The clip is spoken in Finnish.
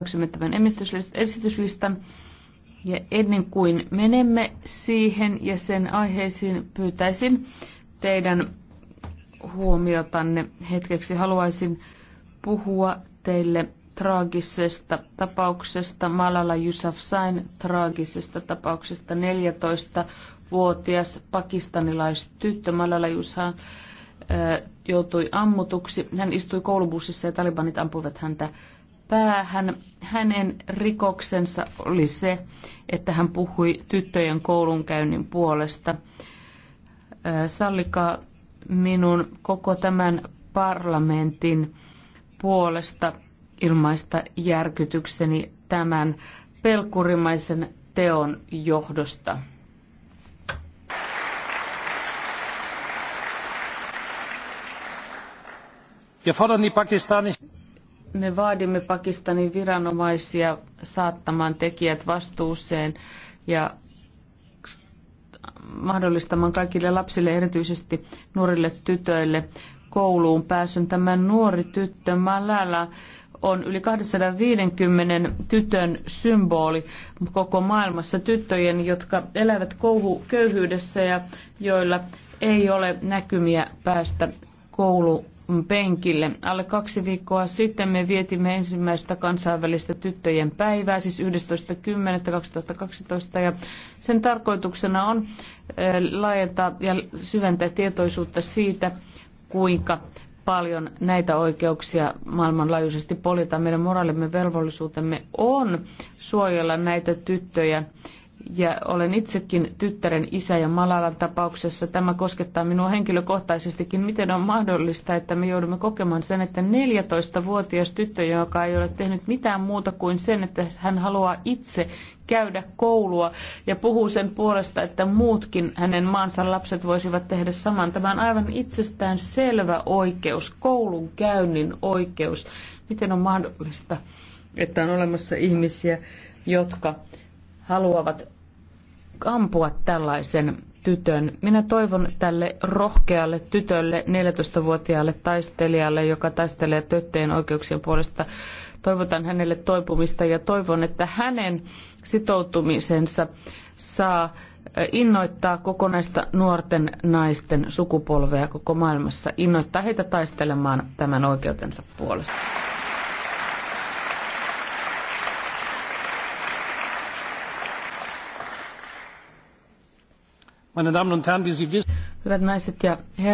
hyväksymme tämän esityslistan. Ja ennen kuin menemme siihen ja sen aiheisiin, pyytäisin teidän huomiotanne hetkeksi. Haluaisin puhua teille traagisesta tapauksesta, Malala Yousafzain traagisesta tapauksesta. 14-vuotias pakistanilaistyttö Malala Yousafzain joutui ammutuksi. Hän istui koulubussissa ja talibanit ampuivat häntä päähän. Hänen rikoksensa oli se, että hän puhui tyttöjen koulunkäynnin puolesta. Sallikaa minun koko tämän parlamentin puolesta ilmaista järkytykseni tämän pelkurimaisen teon johdosta. Ja fordern die pakistanischen me vaadimme Pakistanin viranomaisia saattamaan tekijät vastuuseen ja mahdollistamaan kaikille lapsille, erityisesti nuorille tytöille, kouluun pääsyn. Tämä nuori tyttö Malala on yli 250 tytön symboli koko maailmassa. Tyttöjen, jotka elävät kouhu, köyhyydessä ja joilla ei ole näkymiä päästä koulupenkille. Alle kaksi viikkoa sitten me vietimme ensimmäistä kansainvälistä tyttöjen päivää, siis 11.10.2012, ja sen tarkoituksena on laajentaa ja syventää tietoisuutta siitä, kuinka paljon näitä oikeuksia maailmanlaajuisesti poljetaan. Meidän moraalimme velvollisuutemme on suojella näitä tyttöjä ja olen itsekin tyttären isä ja Malalan tapauksessa tämä koskettaa minua henkilökohtaisestikin. Miten on mahdollista, että me joudumme kokemaan sen, että 14-vuotias tyttö, joka ei ole tehnyt mitään muuta kuin sen, että hän haluaa itse käydä koulua ja puhuu sen puolesta, että muutkin hänen maansa lapset voisivat tehdä saman. Tämä on aivan itsestään selvä oikeus, koulun käynnin oikeus. Miten on mahdollista, että on olemassa ihmisiä, jotka haluavat ampua tällaisen tytön. Minä toivon tälle rohkealle tytölle, 14-vuotiaalle taistelijalle, joka taistelee tyttöjen oikeuksien puolesta, toivotan hänelle toipumista ja toivon, että hänen sitoutumisensa saa innoittaa kokonaista nuorten naisten sukupolvea koko maailmassa, innoittaa heitä taistelemaan tämän oikeutensa puolesta. Hyvät naiset ja herrat,